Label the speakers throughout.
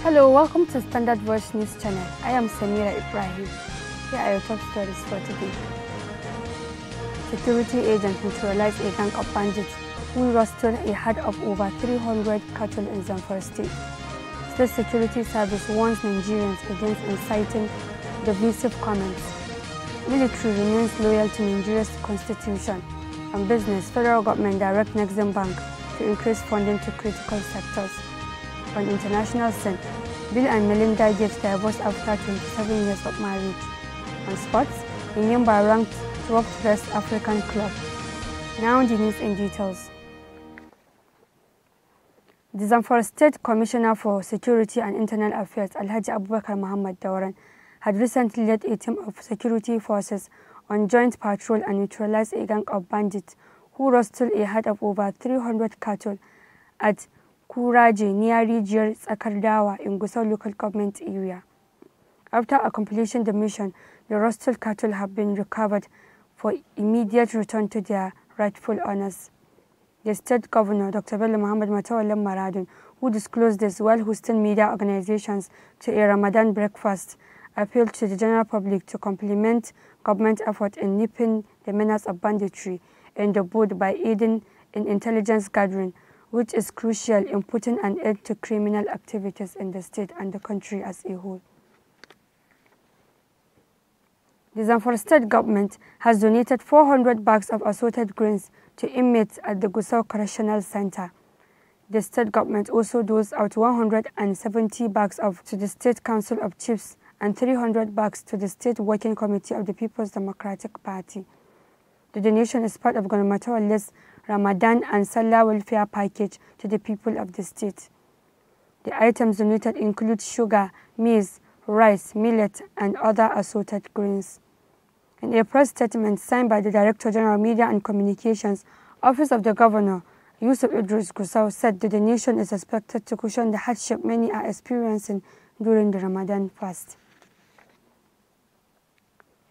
Speaker 1: Hello, welcome to Standard Voice News Channel. I am Samira Ibrahim. Here are your top stories for today. Security agents neutralized a gang of bandits we rescued a herd of over 300 cattle in Zamfara state. State Security Service warns Nigerians against inciting divisive comments. Military remains loyal to Nigeria's constitution. And business, federal government direct Nexim Bank to increase funding to critical sectors. On international scene, Bill and Melinda Gates divorced after 27 years of marriage. On sports, Inyumba ranked 12th best African club. Now the news in details. The Zamfara State Commissioner for Security and Internal Affairs, Alhaji Abubakar Muhammad Dauran, had recently led a team of security forces on joint patrol and neutralized a gang of bandits who rustled a herd of over 300 cattle at Kuraji near Rijiyar Tsakardawa in Gusau local government area. After accomplishing the mission, the rustled cattle have been recovered for immediate return to their rightful owners. The state Governor Dr. Bello Muhammad Matawalam Maradun, who disclosed this while hosting media organizations to a Ramadan breakfast, appealed to the general public to complement government effort in nipping the menace of banditry in the board by aiding in intelligence gathering, which is crucial in putting an end to criminal activities in the state and the country as a whole. The Zamfara state government has donated 400 bags of assorted grains to inmates at the Gusau Correctional Center. The state government also doles out 170 bags of to the State Council of Chiefs and 300 bags to the State Working Committee of the People's Democratic Party. The donation is part of Gonamatawa's Ramadan and Salah welfare package to the people of the state. The items donated include sugar, maize, rice, millet, and other assorted grains. In a press statement signed by the Director General Media and Communications, Office of the Governor, Yusuf Idris Gusau, said the donation is expected to cushion the hardship many are experiencing during the Ramadan fast.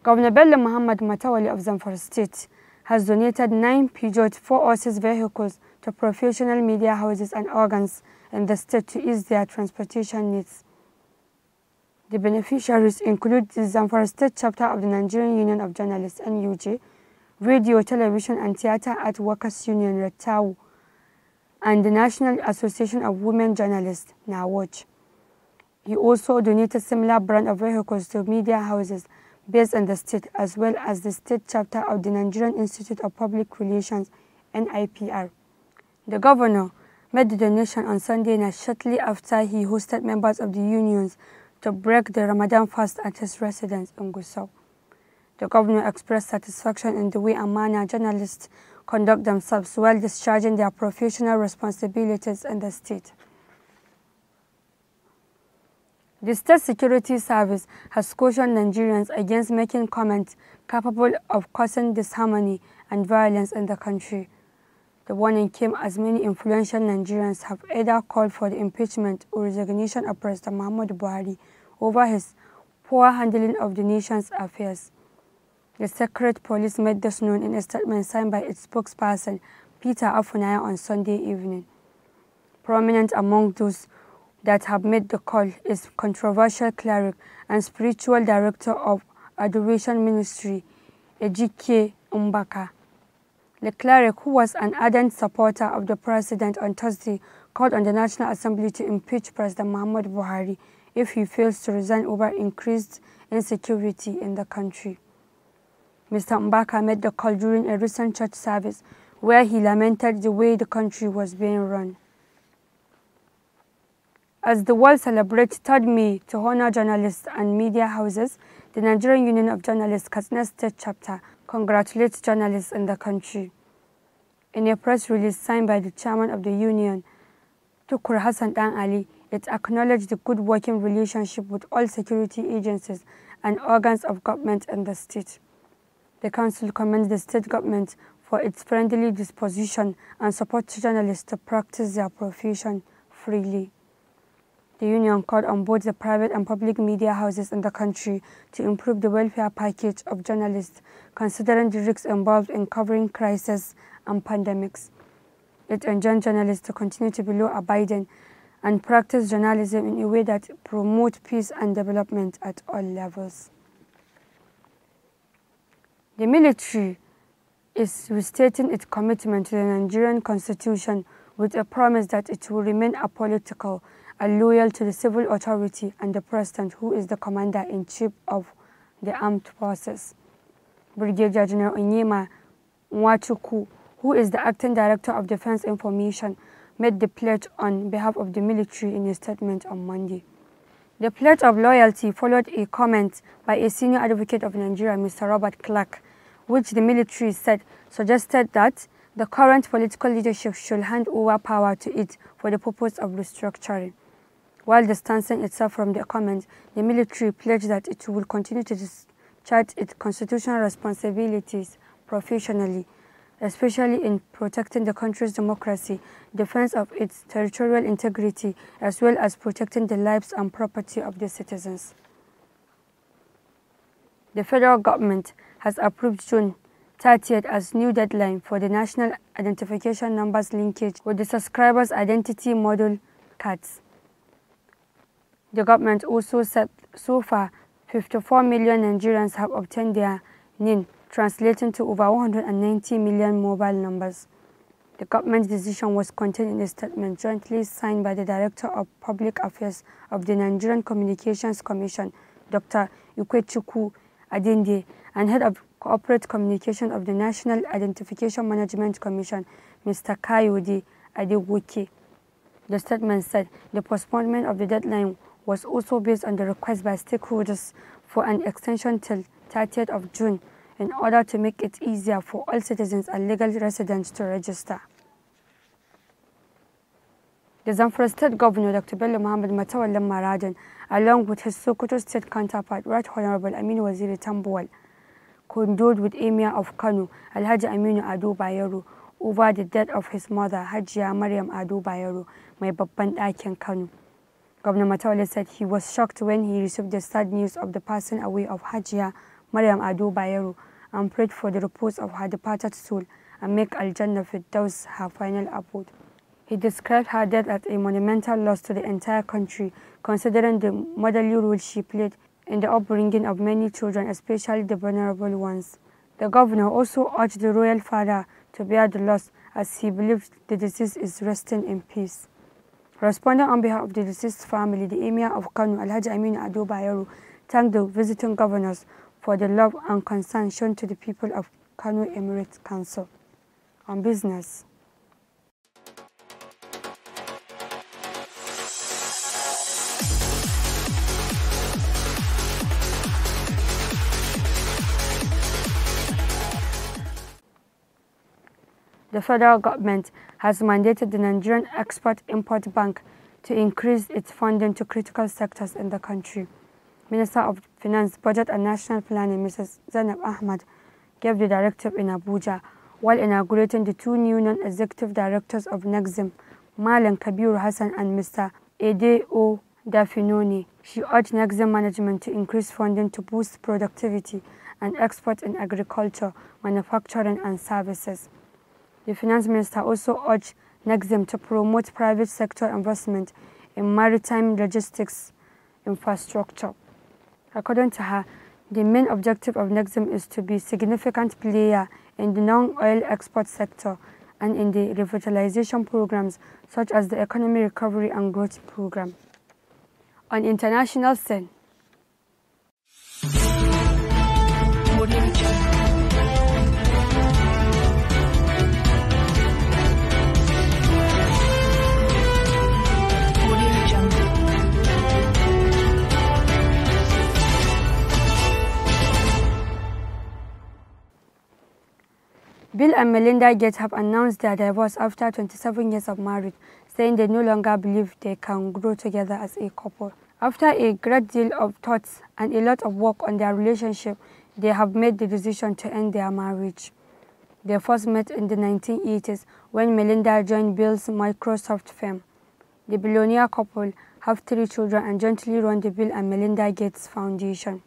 Speaker 1: Governor Bello Muhammad Matawali of Zamfara State has donated nine Peugeot 406 vehicles to professional media houses and organs in the state to ease their transportation needs. The beneficiaries include the Zamfara State chapter of the Nigerian Union of Journalists (NUJ), Radio, Television and Theatre Art Workers Union RETAU, and the National Association of Women Journalists (NAWAJ). He also donated similar brand of vehicles to media houses based in the state, as well as the state chapter of the Nigerian Institute of Public Relations (NIPR). The governor made the donation on Sunday night shortly after he hosted members of the unions to break the Ramadan fast at his residence in Gusau. The governor expressed satisfaction in the way and journalists conduct themselves while discharging their professional responsibilities in the state. The State Security Service has cautioned Nigerians against making comments capable of causing disharmony and violence in the country. The warning came as many influential Nigerians have either called for the impeachment or resignation of President Mahmoud Buhari over his poor handling of the nation's affairs. The secret police made this known in a statement signed by its spokesperson, Peter Afunaya, on Sunday evening. Prominent among those that have made the call is controversial cleric and spiritual director of Adoration Ministry, Ejike Umbaka. Leclerc, who was an ardent supporter of the president on Thursday, called on the National Assembly to impeach President Muhammad Buhari if he fails to resign over increased insecurity in the country. Mr. Mbaka made the call during a recent church service where he lamented the way the country was being run. As the world celebrates 3rd May to honor journalists and media houses, the Nigerian Union of Journalists Katsina State Chapter congratulates journalists in the country. In a press release signed by the chairman of the union, Tukur Hassan Dan Ali, it acknowledged the good working relationship with all security agencies and organs of government in the state. The council commends the state government for its friendly disposition and supports journalists to practice their profession freely. The union called on both the private and public media houses in the country to improve the welfare package of journalists, considering the risks involved in covering crises and pandemics. It enjoins journalists to continue to be law-abiding and practice journalism in a way that promotes peace and development at all levels. The military is restating its commitment to the Nigerian constitution with a promise that it will remain apolitical and loyal to the civil authority and the president who is the commander-in-chief of the armed forces. Brigadier General Onyema Nwachukwu who is the acting director of Defense Information, made the pledge on behalf of the military in a statement on Monday. The pledge of loyalty followed a comment by a senior advocate of Nigeria, Mr. Robert Clark, which the military said suggested that the current political leadership should hand over power to it for the purpose of restructuring. While distancing itself from the comment, the military pledged that it will continue to discharge its constitutional responsibilities professionally especially in protecting the country's democracy, defense of its territorial integrity, as well as protecting the lives and property of the citizens. The federal government has approved June 30th as new deadline for the national identification numbers linkage with the subscribers' identity model cards. The government also said so far 54 million Nigerians have obtained their NIN translating to over 190 million mobile numbers. The government's decision was contained in a statement jointly signed by the Director of Public Affairs of the Nigerian Communications Commission, Dr. Ukwechukwu Adinde, and Head of Corporate Communication of the National Identification Management Commission, Mr. Kayode Adewoke. The statement said the postponement of the deadline was also based on the request by stakeholders for an extension till 30th of June in order to make it easier for all citizens and legal residents to register. The Zamfara State Governor Dr. Bello Muhammad Matawalan Maradin, along with his Sokoto State counterpart Right Honorable Aminu Waziri Tambuwal, condoled with Emir of Kano Alhaji Aminu Adu Bayero over the death of his mother Hajia Mariam Adu Bayero, my babban Aiken Kano. Governor Matawalle said he was shocked when he received the sad news of the passing away of Hajia. Maryam Ado Bayero, and prayed for the repose of her departed soul and make Al-Jannah Firdaus her final abode. He described her death as a monumental loss to the entire country, considering the motherly role she played in the upbringing of many children, especially the vulnerable ones. The governor also urged the royal father to bear the loss as he believed the deceased is resting in peace. Responding on behalf of the deceased family, the Emir of Kano, Alhaji Aminu Ado Bayero, thanked the visiting governors for the love and concern shown to the people of Kano Emirate Council on business. The federal government has mandated the Nigerian Export-Import Bank to increase its funding to critical sectors in the country. Minister of Finance, Budget and National Planning, Mrs. Zainab Ahmad, gave the directive in Abuja while inaugurating the two new non-executive directors of NEXIM, Malan Kabir Hassan and Mr. O. Dafinoni. She urged NEXIM management to increase funding to boost productivity and exports in agriculture, manufacturing and services. The finance minister also urged NEXIM to promote private sector investment in maritime logistics infrastructure. According to her, the main objective of Nexum is to be a significant player in the non-oil export sector and in the revitalization programs such as the Economy Recovery and Growth Program. On international scene, and Melinda Gates have announced their divorce after 27 years of marriage, saying they no longer believe they can grow together as a couple. After a great deal of thoughts and a lot of work on their relationship, they have made the decision to end their marriage. They first met in the 1980s when Melinda joined Bill's Microsoft firm. The billionaire couple have three children and jointly run the Bill and Melinda Gates Foundation.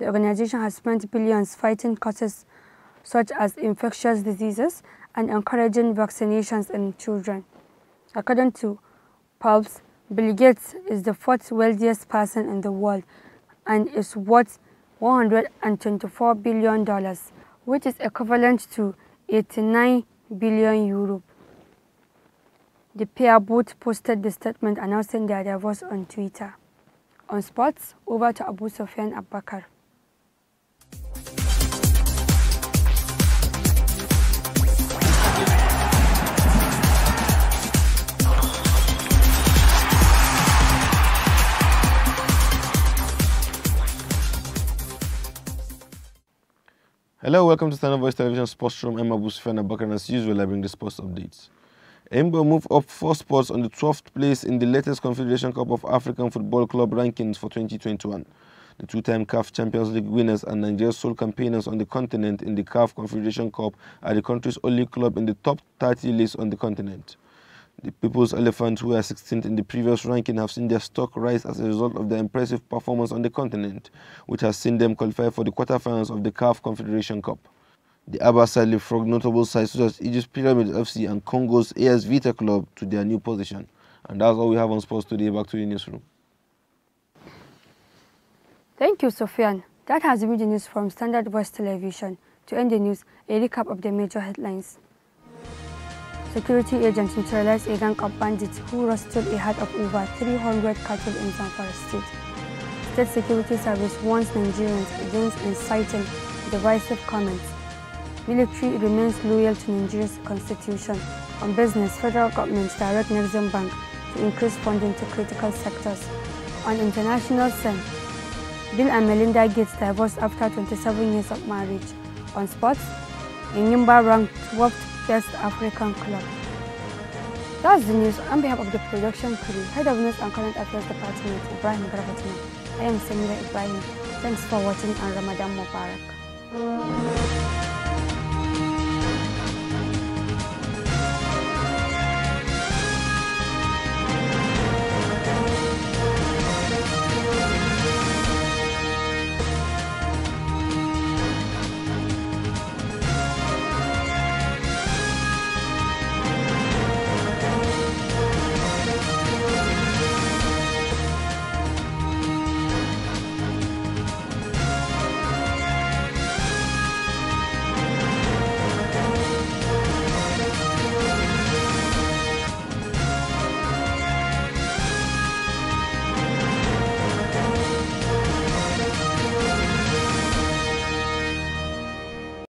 Speaker 1: The organization has spent billions fighting causes such as infectious diseases and encouraging vaccinations in children. According to Pulse, Bill Gates is the fourth wealthiest person in the world and is worth $124 billion, which is equivalent to 89 billion euro. The pair both posted the statement announcing their divorce on Twitter. On sports, over to Abu Sofyan Abbakar. Hello, welcome to Standard Voice Television Sports Room. I'm Abu Sufyan and as usual I bring the sports updates. Embo move up four spots on the 12th place in the latest Confederation Cup of African Football Club rankings for 2021. The two-time CAF Champions League winners and Nigeria's sole campaigners on the continent in the CAF Confederation Cup are the country's only club in the top 30 list on the continent. The People's Elephants, who were 16th in the previous ranking, have seen their stock rise as a result of their impressive performance on the continent, which has seen them qualify for the quarterfinals of the CAF Confederation Cup. The Abasa Frog, notable sides such as Egypt's Pyramid FC and Congo's AS Vita Club to their new position. And that's all we have on sports today. Back to the newsroom. Thank you, Sofian. That has been the news from Standard West Television. To end the news, a recap of the major headlines. Security agents neutralized a gang of bandits who rustled a herd of over 300 cattle in Zamfara state. State Security Service warns Nigerians against inciting divisive comments. Military remains loyal to Nigeria's constitution. On business, federal government direct Nexon Bank to increase funding to critical sectors. On international scene, Bill and Melinda Gates divorced after 27 years of marriage. On sports, Inyimba ranked 12th Best African Club. That's the news. On behalf of the production crew, Head of News and Current Affairs Department, Ibrahim Gravatman, I am Samira Ibrahim. Thanks for watching and Ramadan Mubarak.